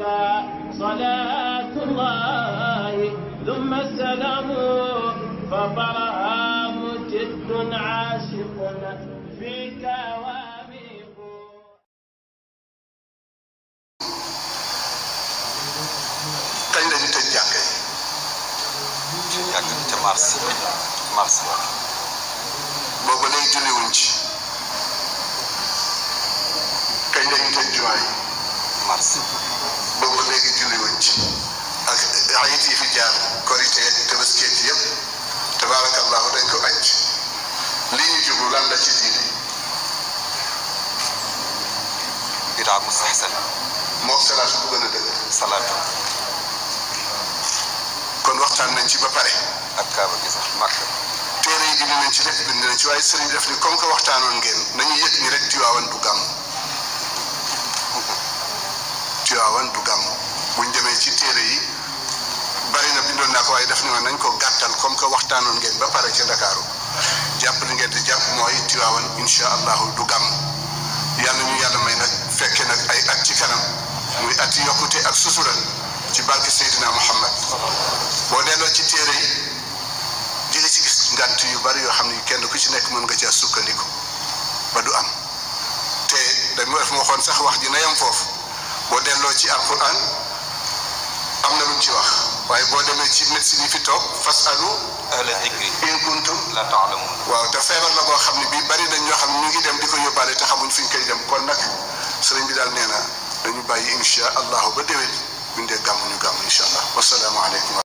عليك صلاة الله ثم السلام فطرها مجد عاشق فيك واميق kañ la ñu tëj jàkk yi yàgg na ca mars mars ba booba lay julliwuñ ci kañ la ñu tëj jumaa yi mars ayit yi fi jaar korite tabaski yëpp tabaarakallaahu dañ ko aj li ñu jublu lan la ci diine bidaa mustaxsan moo salaatu bu gën a dëgg salaatu kon waxtaan nañ ci ba pare ak kaaba gi sax màkk téere yi bind nañ ci rek bind nañ ci waaye sëriñ def ni comme que waxtaanoon ngeen nañu yëg ni rek Tiwaawan du gàmm Tiwaawan du gàmm buñ demee ci téere yi bari na bindoon naa ko waaye def na nañ koo gàttal comme que waxtaanoon ngeen ba pare ca Ndakaaru jàpp li ngeen di jàpp mooy Tiwaawan incha allahu du gàmm yàlla ñu yàlla may nag fekke nag ay at ci kanam muy at yi yokkute ak susural ci barke Seydina Muhammad boo delloo ci téere yi di nga ci gis ngànt yu bari yoo xam ne kenn ku ci nekk mën nga caa sukkandiku ba du am te dañu def waxoon sax wax ji na foofu boo delloo ci alquran am na luñ ci wax. waaye boo demee ci médecine yi fi toog fas alu ahla dikri in kuntum la taalamun waaw te feebar la boo xam ne bii bari nañ ñoo xam ne ñu ngi dem di ko yóbbaale te xamuñ fi ñu koy dem kon nag sëriñ bi daal nee na dañu bàyyi incha allahu ba déwén ni gàmm ñu gàmm incha allah wasalaamaaleykum